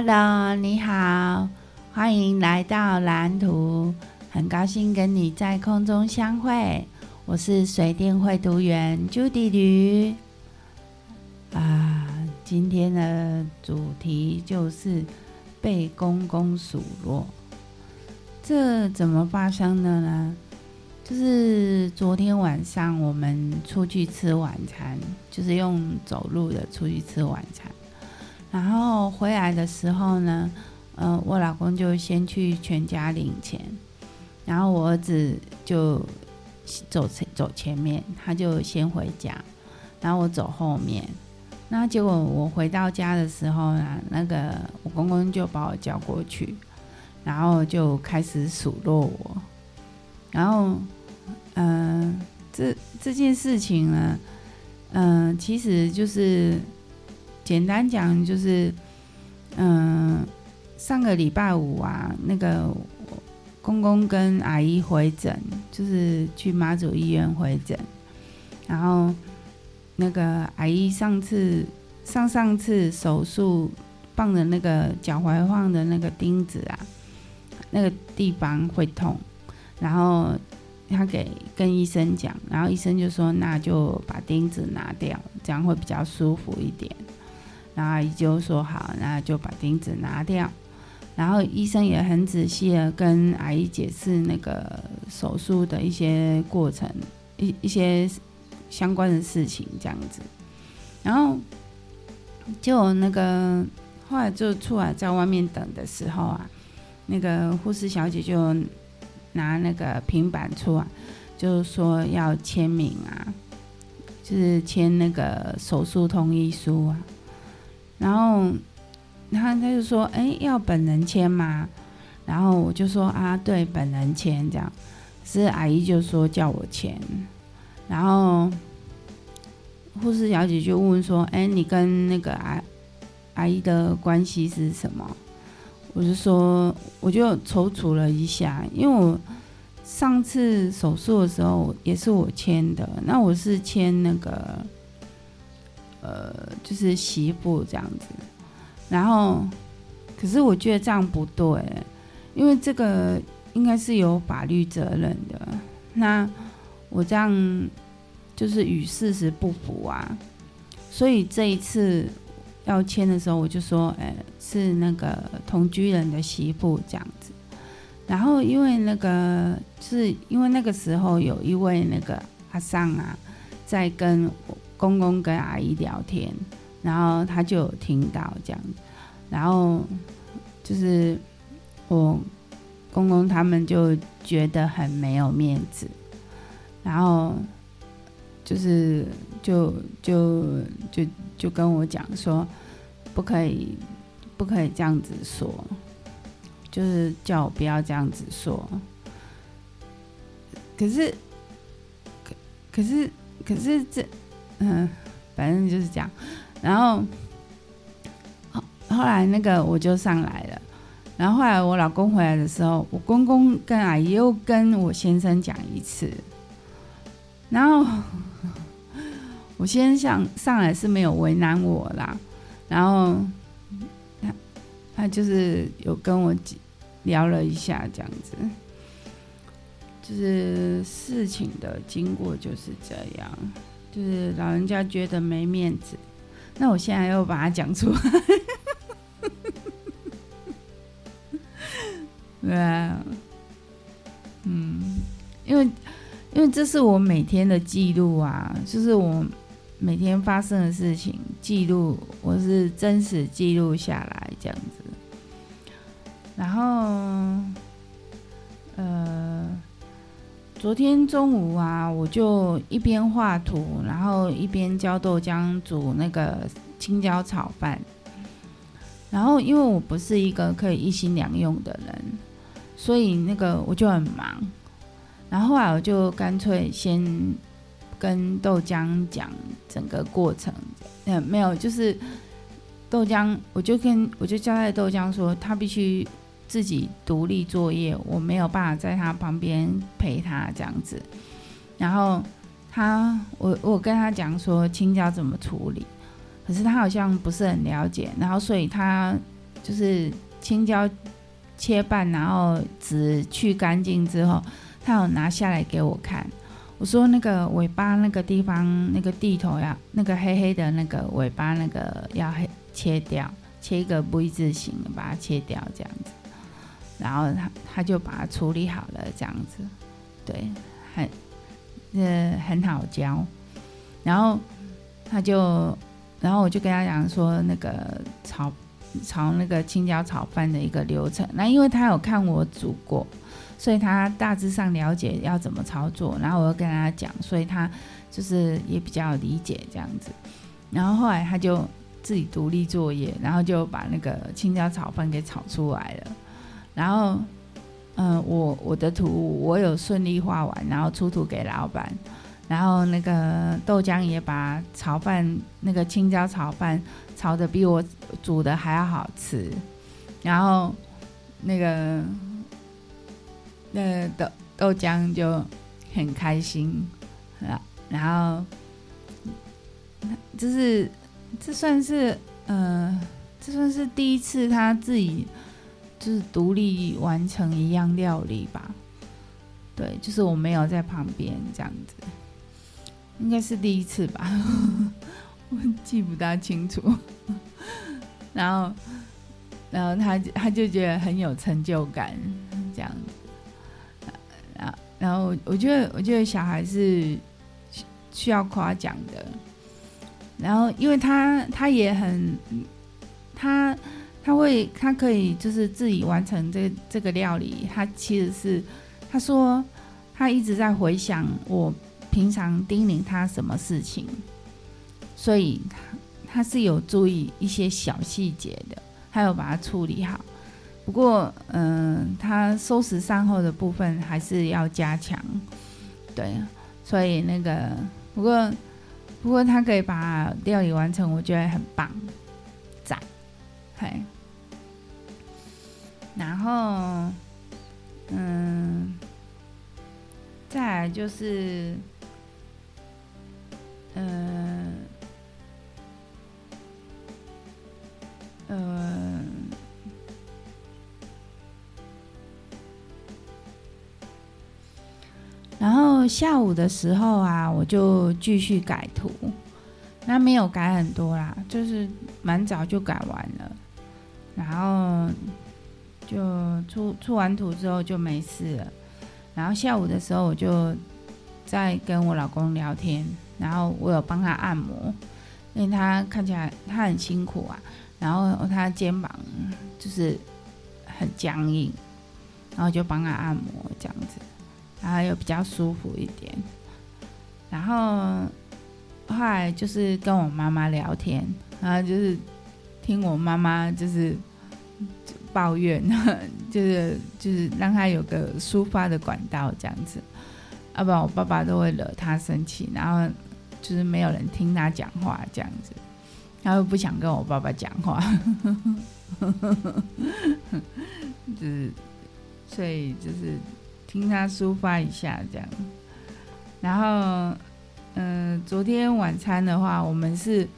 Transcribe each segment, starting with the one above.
Hello，你好，歡迎來到藍圖，很高興跟你在空中相會。我是水電繪圖員 Judy 呂啊，今天的主題就是被公公數落，這怎麼發生的呢？就是昨天晚上我們出去吃晚餐，就是用走路的出去吃晚餐。然後回來的時候呢，嗯、呃，我老公就先去全家領錢，然後我兒子就走前走前面，他就先回家，然後我走後面。那結果我回到家的時候呢，那個我公公就把我叫過去，然後就開始數落我。然後，嗯、呃，這這件事情呢，嗯、呃，其實就是。簡單講就是，嗯，上個禮拜五啊，那個公公跟阿姨回診，就是去媽祖醫院回診，然後那個阿姨上次上上次手術放的那個腳踝放的那個釘子啊，那個地方會痛，然後他給跟醫生講，然後醫生就說那就把釘子拿掉，這樣會比較舒服一點。然後阿姨就說好，那就把釘子拿掉。然後醫生也很仔細的跟阿姨解釋那個手術的一些過程，一一些相關的事情這樣子。然後就那個後來就出來在外面等的時候啊，那個護士小姐就拿那個平板出來，就說要簽名啊，就是簽那個手術同意書啊。然後，他他就說：“哎，要本人簽嗎？”然後我就說：“啊，對，本人簽這樣。”是阿姨就說叫我簽，然後護士小姐就問問說：“哎，你跟那個阿阿姨的關係是什麼？”我就說，我就躊躇了一下，因為我上次手術的時候也是我簽的，那我是簽那個。呃，就是媳婦這樣子，然後，可是我覺得這樣不對，因為這個應該是有法律責任的。那我這樣就是與事實不符啊，所以這一次要簽的時候，我就說，哎、欸，是那個同居人的媳婦這樣子。然後因為那個，就是因為那個時候有一位那個阿桑啊，在跟我。公公跟阿姨聊天，然後他就有聽到這樣，然後就是我公公他們就覺得很沒有面子，然後就是就就就就，就跟我講說，不可以不可以這樣子說，就是叫我不要這樣子說，可是可可是可是這。嗯、呃，反正就是講，然後後來那個我就上來了，然後後來我老公回來的時候，我公公跟阿姨又跟我先生講一次，然後我先生上上來是沒有為難我啦，然後他他就是有跟我聊了一下，這樣子，就是事情的經過就是這樣。就是老人家覺得沒面子，那我現在又把它講出來， 對啊，嗯，因為因為這是我每天的記錄啊，就是我每天發生的事情記錄，我是真實記錄下來這樣子，然後，呃。昨天中午啊，我就一邊畫圖，然後一邊教豆漿煮那個青椒炒飯。然後因為我不是一個可以一心兩用的人，所以那個我就很忙。然後後來我就乾脆先跟豆漿講整個過程。嗯，沒有，就是豆漿，我就跟我就教他豆漿說，他必須。自己獨立作業，我沒有辦法在他旁邊陪他這樣子。然後他，我我跟他講說青椒怎麼處理，可是他好像不是很了解。然後所以他就是青椒切半，然後籽去乾淨之後，他有拿下來給我看。我說那個尾巴那個地方那個蒂頭呀，那個黑黑的那個尾巴那個要黑切掉，切一個 V 字形把它切掉，這樣子。然後他他就把它處理好了，這樣子，對，很，呃，很好教。然後他就，然後我就跟他講說那個炒炒那個青椒炒飯的一個流程。那因為他有看我煮過，所以他大致上了解要怎麼操作。然後我又跟他講，所以他就是也比較理解這樣子。然後後來他就自己獨立作業，然後就把那個青椒炒飯給炒出來了。然後，嗯、呃，我我的圖我有順利畫完，然後出圖給老闆。然後那個豆漿也把炒飯那個青椒炒飯炒的比我煮的還要好吃。然後那個那豆豆漿就很開心啊。然後就是這算是呃，這算是第一次他自己。就是獨立完成一樣料理吧，對，就是我沒有在旁邊這樣子，應該是第一次吧， 我記不大清楚。 然後，然後他他就覺得很有成就感這樣子，然後，然後我覺得我覺得小孩是需要誇獎的，然後因為他他也很他。他會，他可以就是自己完成這這個料理。他其實是，他說他一直在回想我平常叮嚀他什麼事情，所以他是有注意一些小細節的，他有把它處理好。不過，嗯、呃，他收拾善後的部分還是要加強，對。所以那個，不過不過他可以把料理完成，我覺得很棒，讚，嘿。然後，嗯，再來就是，嗯，嗯，然後下午的時候啊，我就繼續改圖，那沒有改很多啦，就是蠻早就改完了，然後。就出出完圖之後，就沒事了，然後下午的時候我就在跟我老公聊天，然後我有幫他按摩，因為他看起來他很辛苦啊，然後他肩膀就是很僵硬，然後就幫他按摩這樣子，然後又比較舒服一點，然後後來就是跟我媽媽聊天，然後就是聽我媽媽就是。抱怨，就是就是讓他有個抒發的管道這樣子，要、啊、不然我爸爸都會惹他生氣，然後就是沒有人聽他講話這樣子，他又不想跟我爸爸講話，只、 就是、所以就是聽他抒發一下這樣，然後嗯、呃，昨天晚餐的話，我們是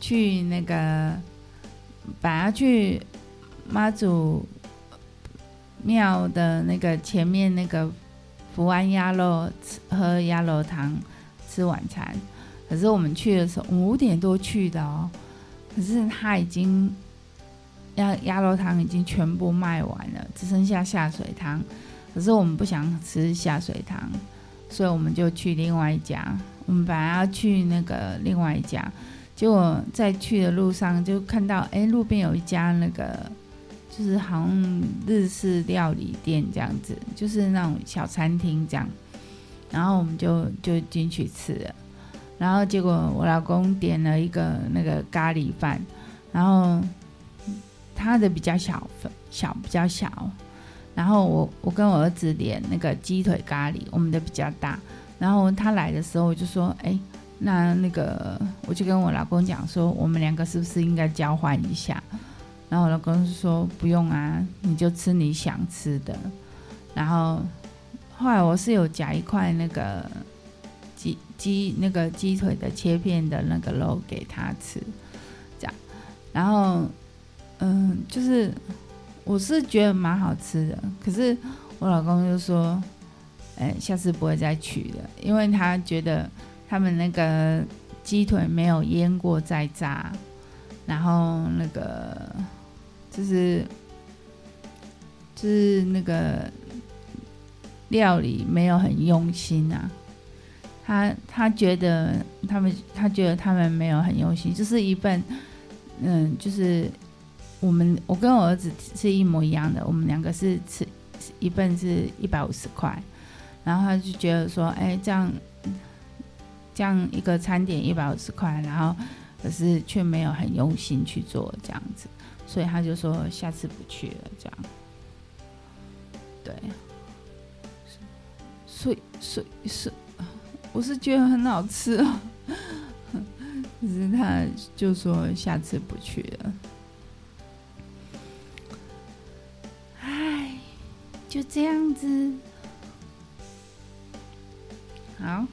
去那個把他去。媽祖廟的那個前面那個福安鴨肉吃喝鴨肉湯吃晚餐，可是我們去的時候五點多去的哦，可是他已經鴨鴨肉湯已經全部賣完了，只剩下下水湯。可是我們不想吃下水湯，所以我們就去另外一家。我們本來要去那個另外一家，結果在去的路上就看到，哎，路邊有一家那個。就是好像日式料理店這樣子，就是那種小餐廳這樣，然後我們就就進去吃了，然後結果我老公點了一個那個咖喱飯，然後他的比較小，小比較小，然後我我跟我兒子點那個雞腿咖喱，我們的比較大，然後他來的時候我就說，哎、欸，那那個我就跟我老公講說，我們兩個是不是應該交換一下？然後我老公就說不用啊，你就吃你想吃的。然後後來我是有夾一塊那個雞雞那個雞腿的切片的那個肉給他吃，這樣。然後嗯，就是我是覺得蠻好吃的，可是我老公就說，哎，下次不會再去了，因為他覺得他們那個雞腿沒有醃過再炸，然後那個。就是就是那個料理沒有很用心啊，他他覺得他們他覺得他們沒有很用心，就是一份嗯，就是我們我跟我兒子是一模一樣的，我們兩個是吃一份是一百五十塊，然後他就覺得說，哎，這樣這樣一個餐點一百五十塊，然後可是卻沒有很用心去做這樣子。所以他就說下次不去了，這樣，對，所以所以是，我是覺得很好吃啊，喔，可 是他就說下次不去了，哎，就這樣子，好，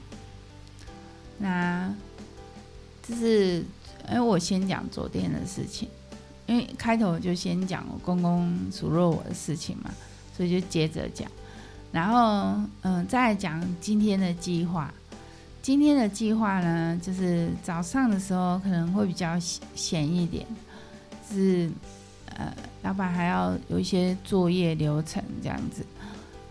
那這是，哎、欸，我先講昨天的事情。因為開頭就先講我公公數落我的事情嘛，所以就接着講，然後嗯再來講今天的計劃。今天的計劃呢，就是早上的時候可能會比較閒一點，是呃老闆還要有一些作業流程這樣子，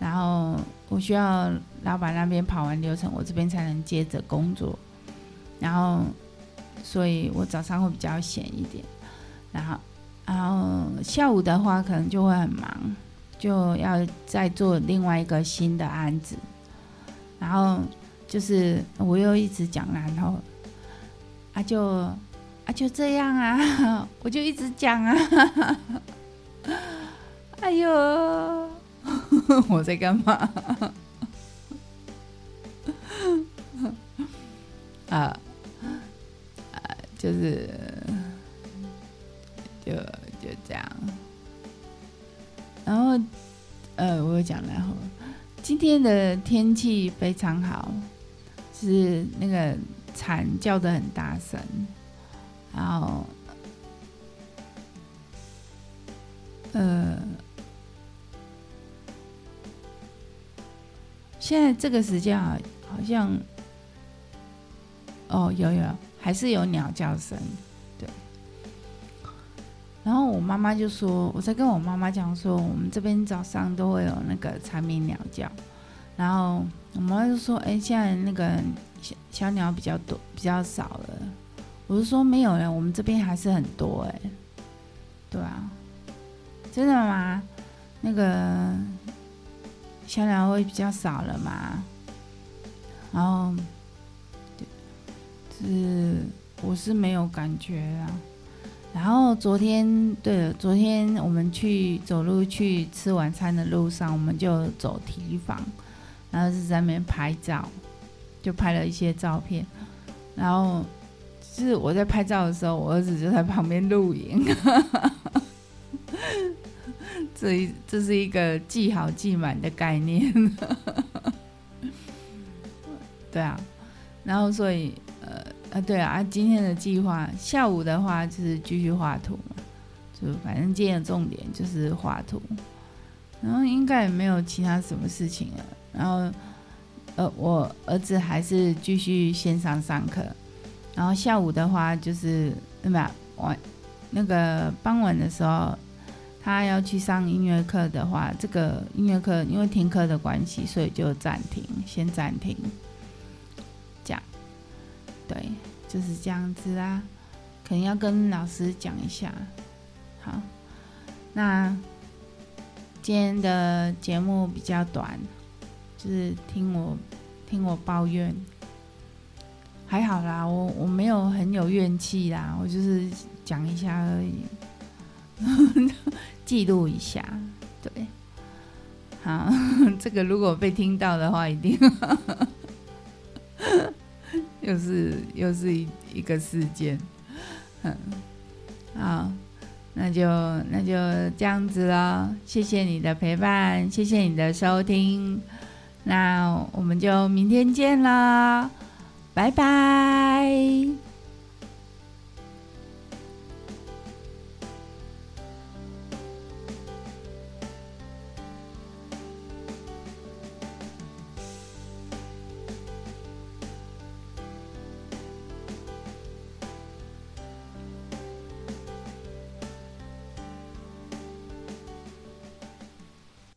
然後我需要老闆那邊跑完流程，我這邊才能接着工作，然後所以我早上會比較閒一點。然後，然後下午的話，可能就會很忙，就要再做另外一個新的案子。然後就是我又一直講啊，然後啊就啊就這樣啊，我就一直講啊。 哎呦，我在幹嘛？ 啊，啊，就是。我講然後，今天的天氣非常好，是那個蟬叫得很大聲，然後，呃，現在這個時間啊，好像，哦，有有，還是有鳥叫聲。然後我媽媽就說：“我在跟我媽媽講說，我們這邊早上都會有那個蟬鳴鳥叫。”然後我媽媽就說：“哎、欸，現在那個小小鳥比較多，比較少了。”我就說：“沒有了，我們這邊還是很多哎，對啊，真的嗎？那個小鳥會比較少了嗎？”然後，就是我是沒有感覺啊。然後昨天，對了，昨天我們去走路去吃晚餐的路上，我們就走堤防，然後是在那邊拍照，就拍了一些照片。然後、就是我在拍照的時候，我兒子就在旁邊錄影。 這這是一個集好集滿的概念。 對啊，然後所以。啊，對啊，今天的計劃，下午的話就是繼續畫圖，就反正今天的重點就是畫圖，然後應該也沒有其他什麼事情了。然後，呃，我兒子還是繼續線上上課。然後下午的話就是，那有晚那個傍晚的時候，他要去上音樂課的話，這個音樂課因為停課的關係，所以就暫停，先暫停。就是這樣子啦，肯定要跟老師講一下。好，那今天的節目比較短，就是聽我聽我抱怨，還好啦，我我沒有很有怨氣啦，我就是講一下而已， 記錄一下。對，好，這個如果被聽到的話，一定。又是又是一一個事件，嗯，好，那就那就這樣子囉，謝謝你的陪伴，謝謝你的收聽，那我們就明天見囉，拜拜。